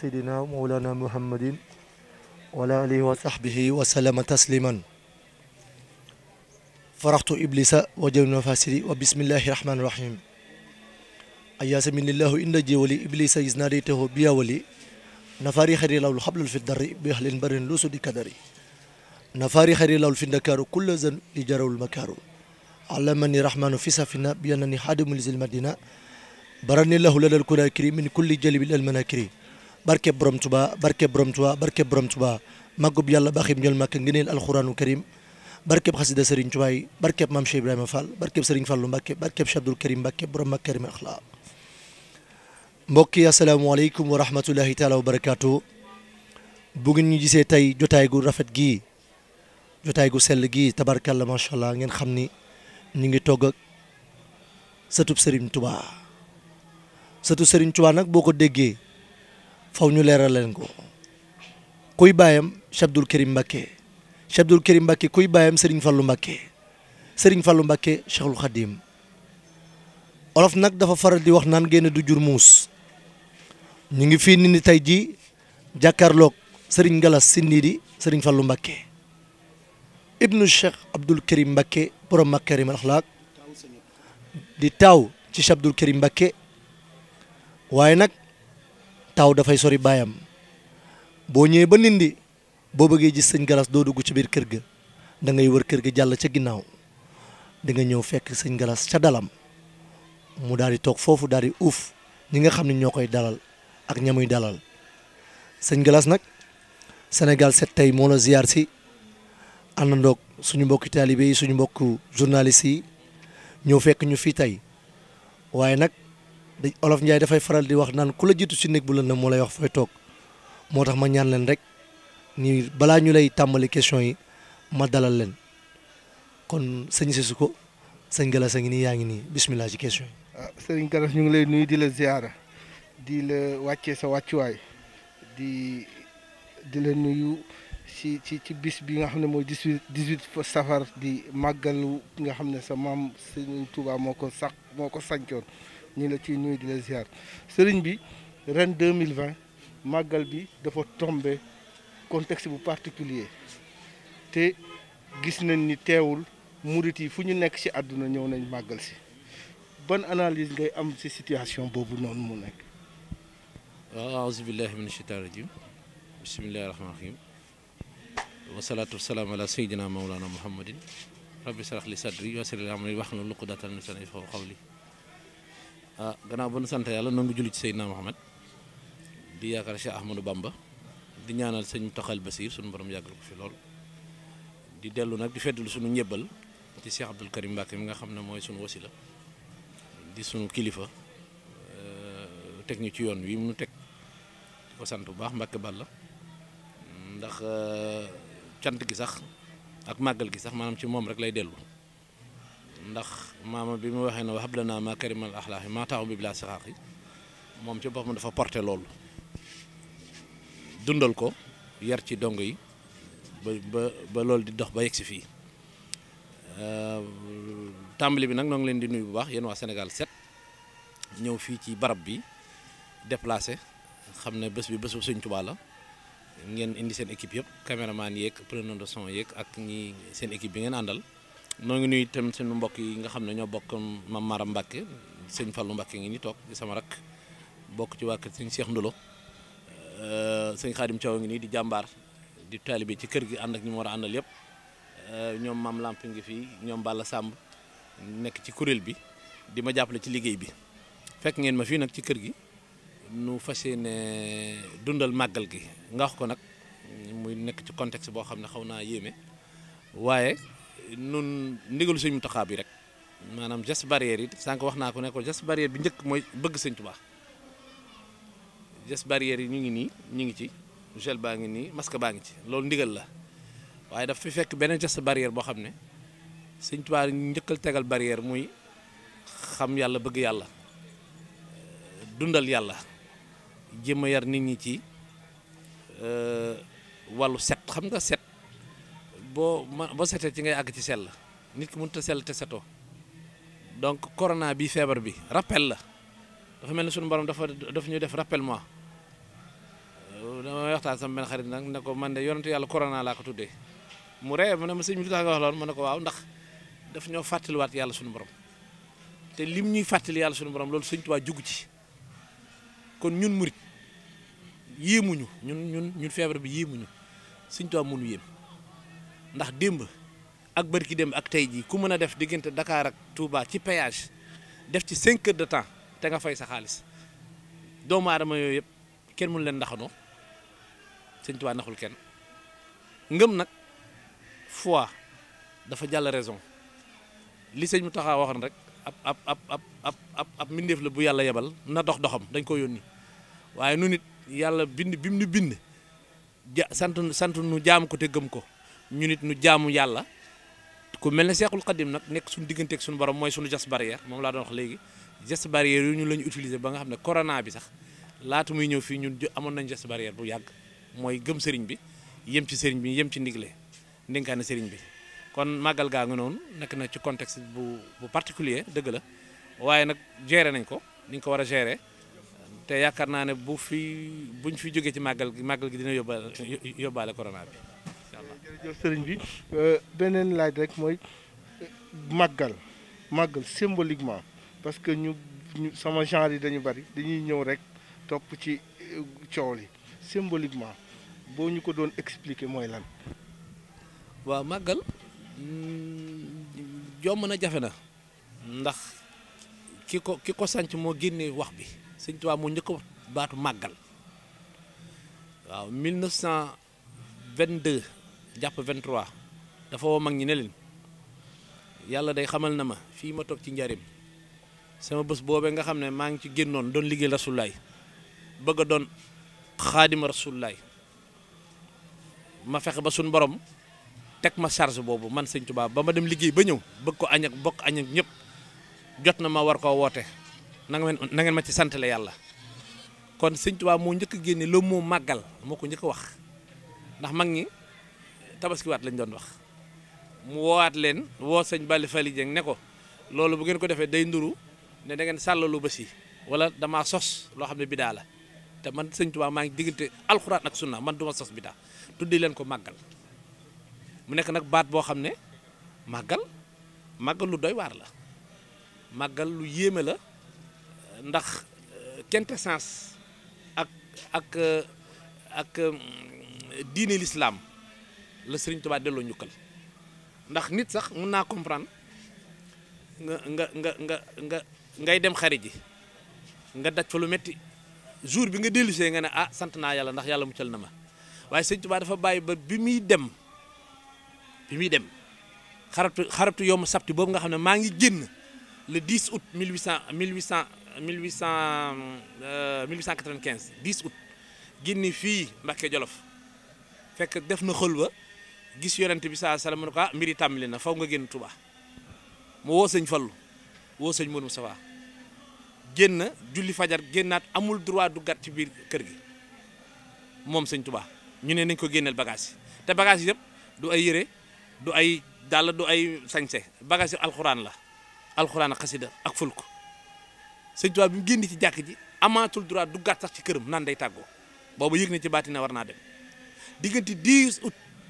seydina mawlana muhammadin wala alihi wa sahbihi wa sallama tasliman faraxtu iblisa wa jël nafasiri wa bismillahi rahmani rahim ayaasa minillahu inda jiwali iblisa is naadaytahu biyawali nafaari xari lawul xablul fi darri bi axlin barin luusu di kadari nafaari xari lawul fi ndakaaru kulla zan li jarawul makaaru allamani rahmanu fi safina bi annani xaadimul zilmadina barani lahu ladal kunaakiri min kulli jalbil almanakiri barke borom Tuba barke borom Tuba barke borom Tuba màggub yàlla baaxim ñol màkk ngëneel alxuraanul karim barkeb xasida Serigne Touba yi barkeb Mame Cheikh Ibrahima Fall barkeb Serigne Fallou Mbacke barkeb Cheikh Abdoul Karim Mbacke borom makarim axlaa mbokk yi asalaamaaleykum wa rahmatullahi taala wa barakaatu bu ngeen ñu gisee tey jotaay gu rafet gii jotaay gu sell gii tabarkalla macha allah ngeen xam ni ñu ngi togg ak sëtub Serigne Touba sëtu Serigne nag boo ko déggee. faw ñu leeral leen ko kuy baayam Cheikh Abdoul Karim Mbacké Cheikh Abdoul Karim Mbacké kuy baayam Serigne Fallou Mbacké Serigne Fallou Mbacké Cheikhul Khadim olof nag dafa faral di wax nan génne du jurmuus muus ñu ngi fii ni ni tey jii jàkkaarloog Serigne Galas Sindi di Serigne Fallou Mbacké ibnu Cheikh Abdoul Karim Mbacké borom makarimal axlaaq di taaw ci Cheikh Abdoul Karim Mbacké waaye nag taw dafay sori baayam boo ñëwee ba nindi boo bëggee gis sëñ galas doo dugg ci biir kër gi da ngay wër kër gi jàll ca ginnaaw di ñëw fekk sëñ galaas ca dalam mu daal di toog foofu daal di uuf ñi nga xam ne ñoo koy dalal ak ñamuy dalal sëñ galas nag Sénégal set tey moo la ziar si àndandoog suñu mbokki taalibe yi suñu mbokk journaliste yi ñëw fekk ñu fii tey waaye nag dañ olof Njaay dafay faral di wax naan ku la jiitu si néeg bu lëndëm moo lay wax fooy toog moo tax ma ñaan leen rek ni balaa ñu lay tàmbali question yi ma dalal leen kon sëñ ko sëñ Gallas a ngi nii yaa ngi nii bismillah ci question yi. ah sëriñ ñu ngi lay nuyu di la ziyaara di la wàcce sa wàccuwaay di di la nuyu. ci ci ci bis bi nga xam ne mooy dix-huit safar di màggalu nga xam ne sa maam Sëriñ Tuubaa moo ko sax moo ko sancoon ñu ngi la ciy nuyu di la ziar sëriñ bi ren 2020 màggal bi dafa tombe contexte bu particulier te gis nañ ni teewul murit yi fu ñu nekk ci àdduna ñëw nañ màggal si ban analyse ngay am ci situation boobu noonu mu nekk waaw aouzu billahi min shaitan rajim bismillahi rahmani rahim wasalaatu wasalaam ala sayyidina mawlana muhammadin rabbi sarax li sadri wasirli amri ah gannaaw ba nu sant yàlla nangu julli ci Seydina Mohamed di yaakaar Cheikh Ahmadou Bamba di ñaanal sëñ Taxal Basir sunu borom yàggal ko fi lool di dellu nag di feddlu sunu njëbbal ci Cheikh Abdoul Karim Mbacke mi nga xam ne mooy sunu wasila di sunu kilifa euh, teg ñu ci yoon wi mu teg di sant bu baax Mbacke Balla ndax euh, cant gi sax ak màggal gi sax maanaam ci moom rek lay dellu. ndax maama bi mu waxee ne wa hablanaa maa karimal axlaaxi maa taaw bi bilaa sixaaqi moom ci boppam dafa porté loolu dundal ko yar ci dong yi ba ba ba loolu di dox ba yegg si fii euh, tàmbali bi nag noo ngi leen di nuyu bu baax yéen waa Sénégal set ñëw fii ci barab bi déplacé xam ne bés bi bésu Sëñ Tuubaa la ngeen indi seen équipe yëpp caméraman yeeg preneur de son yeeg ak ñi seen équipe bi ngeen àndal noo ngi nuyu itam suñu mbokk yi nga xam ne ñoo bokk Mame Mara Mbacke sëñ Fallou Mbacke ngi ni toog sama rak bokk ci waa kër sëñ Cheikh Ndoulo euh, sëñ Khadim Thiaw ngi nii di jàmbaar di bi ci kër gi ànd ak ñu mu war a àndal yëpp euh, ñoom Mame Lamp ngi fi ñoom Balla Samb nekk ci kuréel bi di ma jàppale ci liggéey bi fekk ngeen ma fii nag ci kër gi nu fas yéene dundal màggal gi nga ko nag muy nekk ci contexte boo xam ne xaw naa yéeme waaye. nun ndigalu sëñ Muntaxa bi rek maanaam jas barrière yi sànq wax naa ko nekkoo jas geste barrière bi njëkk mooy bëgg sëñ Tuubaa geste barrière yi ñu ngi nii ñu ngi ci gel baa ngi nii masque baa ngi ci loolu ndigal la waaye daf fi fekk beneen geste barrière boo xam ne sëñ Tuubaa njëkkal tegal barrière muy xam yàlla bëgg yàlla dundal yàlla jéem yar nit ñi ci euh, wàllu set xam nga set boo boo setee ci ngay àgg ci sell nit ki mun ta sell te setoo donc corona bi feebar bi rappel la dafa mel ni sunu borom dafa daf ñu def rappel moi euh, dama waxtaan sama benn xarit ne ko man de yonentu yàlla corona laa ko tuddee mu ree mu ne ma sëñ bi lu tax nga wax loolu ma ne ko waaw ndax daf ñoo fàttaliwaat yàlla sunu borom te lim ñuy fàttali yàlla sunu borom loolu sëñ Tuubaa jugu ci kon ñun murit yéemuñu ñun ñun ñun feebar bi yéemuñu sëñ Tuubaa mënu yéem. ndax démb ak bërki démb ak tey jii ku mën a def diggante Dakar ak Touba ci péage def ci cinq heures de temps te nga fay sa xaalis doomu aadama yooyu yëpp kenn mënu leen ndaxanoo sëñ Touba naxul kenn ngëm nag fois dafa jàll raison li sëñ mu taxaa waxoon rek ab ab ab ab ab mbindeef la bu yàlla yebal na dox doxam dañ ko yónni waaye nu nit yàlla bind bi mu nu bind ja sant sant nu jaam ko te gëm ko ñun it nu jaamu yàlla ku mel ne Seexul Xadim nag nekk suñu diggante suñu borom mooy suñu geste barrière moom laa doon wax léegi geste barrière yu ñu la ñu utiliser ba nga xam ne corona bi sax laata muy ñëw fii ñun amoon nañ geste barrière bu yàgg mooy gëm sëriñ bi yem ci sëriñ bi yem ci ndigle ndénkaane sëriñ bi kon màggal gaa nga noonu nakk na ci contexte bu bu particulier dëgg la waaye nag gérer nañ ko ni ñu ko war a gérer te yaakaar naa ne bu fi buñ fi jógee ci màggal gi màggal gi dina yóbbaale yóbbaale corona bi incha jërëjëf sëriñ bi euh, beneen laaj rek mooy euh, màggal màggal symboliquement parce que ñu sama genre yi dañu bari dañuy ñëw rek topp ci euh, coow li symboliquement boo ñu ko doon expliquer mooy lan. waaw màggal jomm na jafe na ndax ki ko ki ko sanc moo génne wax bi sëñ Tuubaa moo njëkk baatu màggal waaw 1922 jàpp 23 dafa woo mag ñi ne leen yàlla day xamal na ma fii ma toog ci njarim sama bés boobee nga xam ne maa ngi ci génnoon doon liggéey rasulaay bëgg a doon xaadima rasulaay ma fexe ba suñ borom teg ma charge boobu man sëñ tubaab ba ma dem liggéey ba ñëw bëgg ko añ bokk añ ak ñëpp jot na ma war koo woote na ngeen nangeen ma ci santale yàlla kon sëñ Tuubaa moo njëkk a génne le mot màggal moo ko njëkk wax ndax mag ñi tabaskiwaat lañ doon wax mu woowaat leen woo sëñ Bally Faly Dieng ne ko loolu bu ngeen ko defee day nduru ne da ngeen sàllalu ba si wala damaa sos loo xam ne bidaa la te man sëñ Tuubaa maa ngi diggante alxuraan ak sunna man duma sos bidaa tuddi leen ko màggal mu nekk nag baat boo xam ne màggal màggal lu doy waar la màggal lu yéeme la ndax euh, quintessence ak ak euh, ak euh, diine l'islam la Sëriñ Tuubaa delloo njukkal ndax nit sax mun naa comprendre nga nga nga nga nga ngay dem xarit ji nga daj fa lu metti jour bi nga dellusee nga ne ah sant naa yàlla ndax yàlla muccal na ma waaye Sëriñ Tuubaa dafa bàyyi ba bi muy dem bi muy dem xaratu xaratu yomb sabti boobu nga xam ne maa ngi génn le cent août 1800 1800 1800 quinze 10 août génn fii Mbàkke Jolof fekk def na xël ba gis yonent bi saa salaam mu ne ko ah mbiri tàmbali na faw nga génn Touba mu woo sëñ Fallu woo sëñ Mourou Moustapha génn julli fajar génnaat amul droit du gat ci biir kër gi moom sëñ Touba ñu ne nañ ko génneel bagage yi te bagage yëpp du ay yére du ay dàll du ay sañse bagage yi alxuraan la alxuraan ak xasida ak fulk sëñ Touba bi mu génn ci jàkk ji amaatul droit du gat sax ci këram naan day tàggoo boobu yëg na ci baati na war naa dem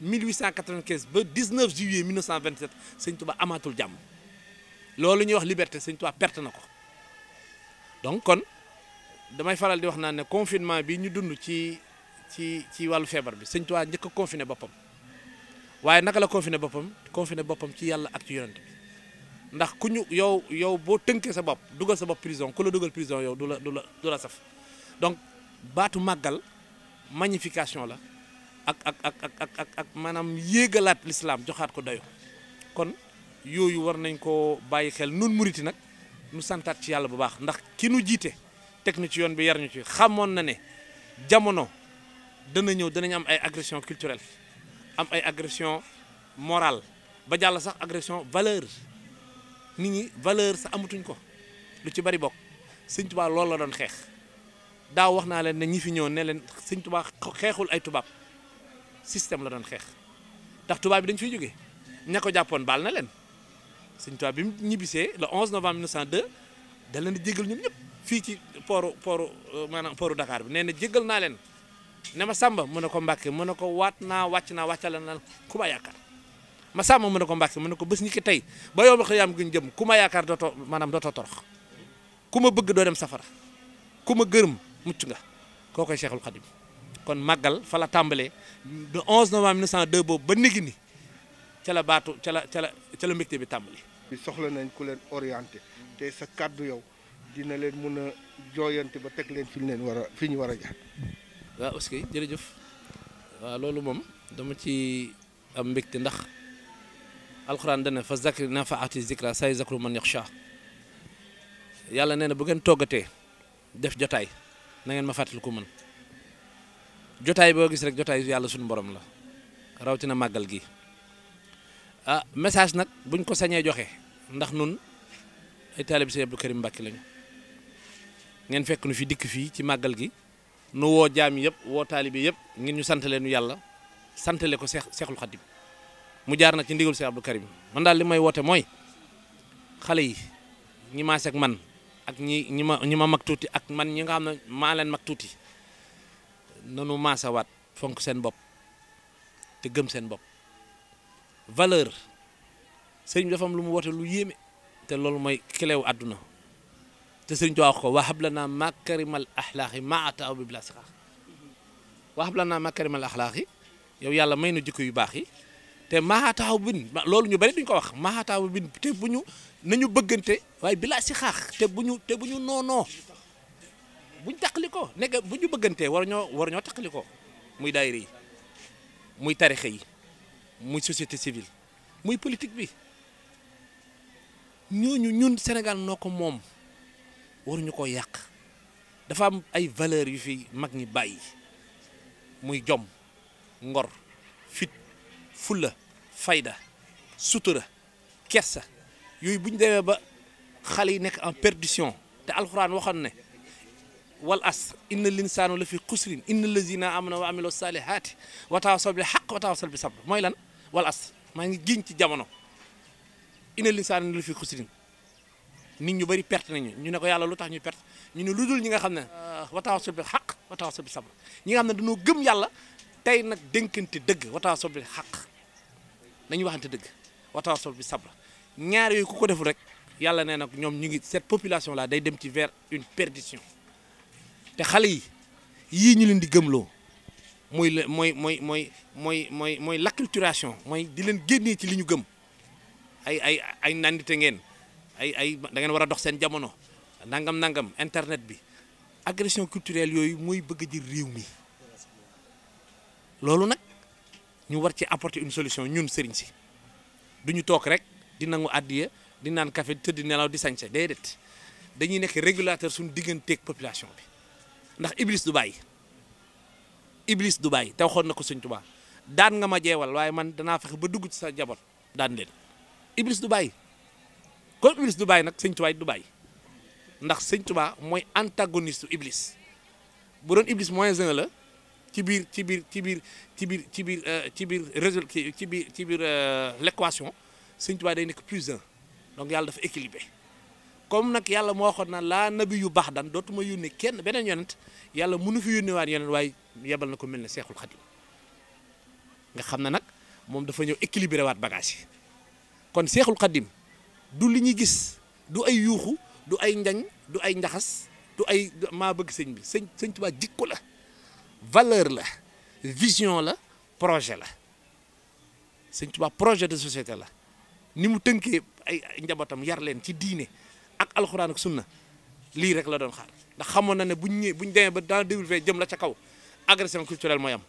1895 ba 19 juillet 1927 sëñ Touba amaatul jàmm loolu ñuy wax liberté sëñ Touba perte na ko donc kon damay faral di wax naa ne confinement bi ñu dund ci ci ci wàllu feebar bi sëñ Touba njëkk a confiné boppam waaye naka la confiné boppam confiné boppam ci yàlla ak ci yonent bi ndax ku ñu yow yow boo tënkee sa bopp dugal sa bopp prison ku la dugal prison yow du la du la du la saf donc baatu màggal magnification la. ak ak ak ak ak ak maanaam yéegalaat lislaam joxaat ko dayo kon yooyu war nañ ko bàyyi xel nun muriti nag nu santaat ci yàlla bu baax ndax ki nu jiite teg nu ci yoon bi yar ñu ci xamoon na ne jamono dana ñëw danañ am ay agression culturelle am ay agression morale ba jàll sax agression valeur nit ñi valeur sa amatuñ ko lu ci bari bokk sëñ Tuubaa loolu la doon xeex daaw wax naa leen na ñi fi ñëw ne leen sëñ Tuubaa xeexul ay tubaab système la doon xeex tax tubaab bi dañ fiy jógee ñako jàppoon baal na leen sëñ tubaab bi mu ñibbisee le 11 novembre 1902 da leen di jégal ñun ñëpp fii ci pooru pooru euh, maanaam pooru Dakar bi nee na jégal naa leen ne ma sàmba mu ne ko mbàkke mën ne ko waat naa wàcc naa wàccala naa ku ma yaakaar ma sàmba mu ne ko mbàkke mën ne ko bés ñi ki tey ba yow ma xëyaam guñ jëm ku ma yaakaar dootoo maanaam dooto torox ku ma bëgg doo dem safara ku ma gërëm mucc nga koo koy Cheikhul Khadim kon màggal fa la tàmbalee le 11 novembre 1902 boobu ba nigi ni ca la baatu ca la ca la ca bi tàmbali. bi soxla nañ ku leen orienté te sa kàddu yow dina leen mun a jooyante ba teg leen fi ñu leen war a fi ñu war a jaar. waaw aussi jërëjëf loolu moom dama ci am mbégte ndax alxuraan dana fa zakri nafaati zikra say zakru man yaxsha yàlla nee na bu ngeen toggatee def jotaay na ngeen ma fàttaliku mën jotaay boo gis rek jotaay yàlla suñu borom la rawatina màggal gi ah message nag buñ ko sañee joxe ndax nun ay taalib Sëriñ Abdou Karim Mbàkke lañu ngeen fekk nu fi dikk fii ci màggal gi nu woo jaam yëpp woo taalibe yëpp ngeen ñu santale nu yàlla santale ko seex seexul xaddim mu jaar nag ci ndigal Sëriñ Abdou Karim man daal li may woote mooy xale yi ñi maase man ak ñi ñi ma ñi ma mag tuuti ak man ñi nga xam ne maa leen mag tuuti nanu maasawaat fonk seen bopp te gëm seen bopp valeur sëriñ bi lu mu woote lu yéeme te loolu mooy kilewu àdduna te sëriñ Tuubaa wax ko wahab lanaa makarimal axlaaqi maa ataaw bi bila sixaax wahab lanaa makarimal axlaaqi yow yàlla may na jikk yu baax yi te maa ataaw bin loolu ñu bari duñ ko wax maa ataaw bin te bu ñu nañu bëggante waaye bila sixaax te bu ñu te bu ñu noonoo bu buñ taqali ko nekk bu ñu bëggantee war ñoo war ñoo taqali ko muy daayira yi muy tarixe yi muy société civile muy politique bi ñooñu ñun Sénégal noo ko moom waruñu ko yàq dafa am ay valeurs yu fi mag ñi bàyyi muy jom ngor fit fulla fayda sutura kersa yooyu bu ñu demee ba xale yi nekk en perdition te alxuraan waxoon ne wal asr inna linsaana la fi xusrin inna lazina amanu wa amilu salihaati wa tawaasaw bil xaq wa tawaasaw bi sabr mooy lan wal asr maa ngi giñ ci jamono inna linsaana la fi xusrin nit ñu bëri perte nañu ñu ne ko yàlla lu tax ñu perte ñu ne lu dul ñi nga xam ne wa tawaasaw bil xaq wa bi sabr ñi xam ne dañoo gëm yàlla tey nag dénkante dëgg wa tawaasaw bil xaq nañu waxante dëgg wa tawaasaw bi sabr ñaar yooyu ku ko deful rek yàlla nee na ñoom ñu ngi cette population la day dem ci vers une perdition te xale yi yii ñu leen di gëmloo mooy la mooy mooy mooy mooy mooy mooy l'acculturation mooy di leen génnee ci li ñu gëm ay ay ay nandite ngeen ay ay da ngeen war a dox seen jamono nangam nangam internet bi agression culturelle yooyu mooy bëgg a jël réew mi loolu nag ñu war ci apporter une solution ñun sëriñ si duñu toog rek di nangu àddiya di naan café tëdd nelaw di sañse déedéet dañuy nekk régulateur suñu digganteeg population bi ndax iblis du bàyyi iblis du bàyyi te waxoon na ko Sëñ Tuubaa daan nga ma jeewal waaye man danaa fexe ba dugg ci sa jaboot daan leen iblis du bàyyi kon iblis du bàyyi nag Sëñ Tuubaa du bàyyi ndax Sëñ Tuubaa mooy antagoniste iblis bu doon iblis moins un la ci biir ci biir ci biir ci biir ci biir euh, ci biir résultat ci biir ci biir euh, l'équation Sëñ Tuubaa day nekk plus un donc yàlla dafa équilibré comme nag yàlla moo waxoon na laa nabi yu baax daan dootuma yónni kenn beneen yonent yàlla munu fi yónni waat yonent waaye yebal na ko mel na seexul xadim nga xam ne nag moom dafa ñëw équilibré waat bagage yi kon seexul xadim du li ñuy gis du ay yuuxu du ay njañ du ay njaxas du ay maa bëgg sëñ bi sëñ sëñ Tuubaa jikko la valeur la vision la projet la sëñ Tuubaa projet de société la ni mu tënkee ay njabootam yar leen ci diine ak alxuraan ak sunna lii rek la doon xaar ndax xamoon na ne buñ ñëwee buñ demee ba dans début fee jëm la ca kaw agression culturel mooy am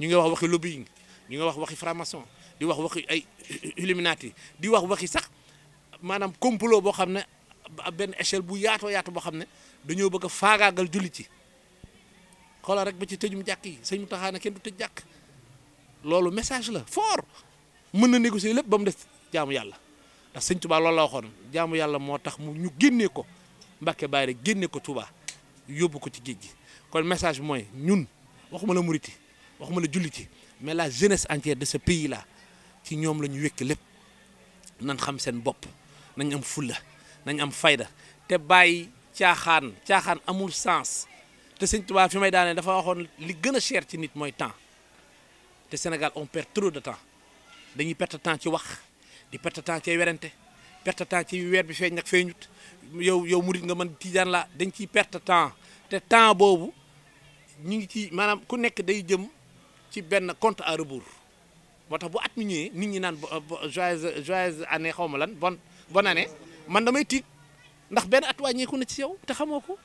ñu ngi wax waxi lobbying ñu ngi wax waxi franc-maçon di wax waxi ay illuminati di wax waxi sax maanaam complot boo xam ne benn échelle bu yaatoo yaatu boo xam ne dañoo bëgg a faagaagal jullit ci xoolal rek ba ci tëjum jàkk yi sëñ mu taxaa ne kenn du tëj jàkk loolu message la foor mën na négocier lépp ba mu des jaamu yàlla sëñ Touba loolu la waxoon jaamu yàlla moo tax mu ñu génnee ko Mbàkke rek génne ko Touba yóbbu ko ci géej gi kon message mooy ñun waxuma la muriti waxuma la julliti mais la jeunesse entière de ce pays là ci ñoom la ñu wékk lépp nañ xam seen bopp nañ am fulla nañ am fayda te bàyyi caaxaan caaxaan amul sens te sëñ Touba fi may daanee dafa waxoon li gën a cher ci nit mooy temps te Sénégal on perd trop de temps dañuy perte temps ci wax di perte temps cay werante perte temps ci weer bi feeñ nag feeñut yow yow mu di nga man tijaan la dañ ciy perte temps te temps boobu ñu ngi ci maanaam ku nekk day jëm ci benn compte à rebours moo tax bu at mu ñëwee nit ñi naan joyeuse joyeuse année xaw ma lan bon bonne année man damay tiit ndax benn at wàññeeku na ci yow te xamoo ko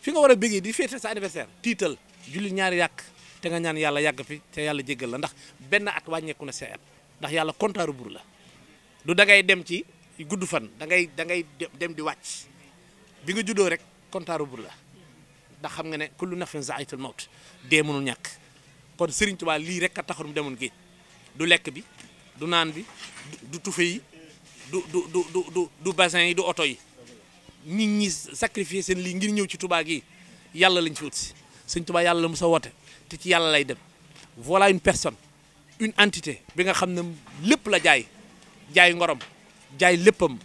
fi nga war a bëggee di féete sa anniversaire tiital julli ñaari yàq te nga ñaan yàlla yàgg fi te yàlla jéggal la ndax benn at wàññeeku na sa at ndax yàlla compteur buur la du da ngay dem ci gudd fan da ngay da ngay dem di wàcc bi nga juddoo rek compteur buur la ndax xam nga ne kullu nafsin zaa'iqatul mawt dee mënul ñàkk kon Serigne Touba lii rek a taxoon mu demoon géej du lekk bi du naan bi du tufe yi du du du du du yi du oto yi nit ñi sacrifier seen lii ngir ñëw ci Touba yi yàlla lañ fi wut si Serigne Touba yàlla la mu sa woote te ci yàlla lay dem voilà une personne une entité bi nga xam ne lépp la jaay jaay ngorom jaay léppam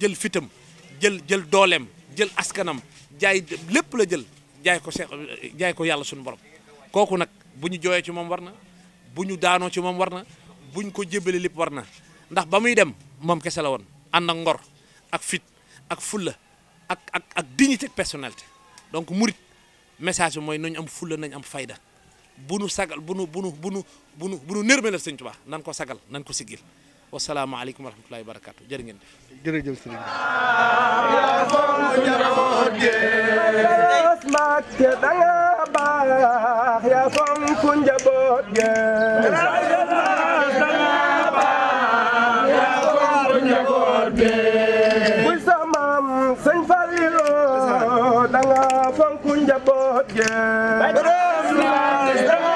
jël fitam jël jël dooleem jël askanam jaay lépp la jël jaay ko se jaay ko yàlla suñu borom kooku nag bu ñu jooyee ci moom war na bu ñu daanoo ci moom war na bu ko jébbale lépp war na ndax ba muy dem moom kese la woon ànd ak ngor ak fit ak fulla ak ak ak dignité personnalité donc murit message mooy nañu am fulla nañ am fayda bu nu sagal bu nu bu nu bu nu bu nu nan ko sagal nan ko siggil wasalaamaaleykum wa rahmatullahi wa barakaatu jërë ngeen jërëjëf sëriñ yaa fonk njaboot ge buy Flash!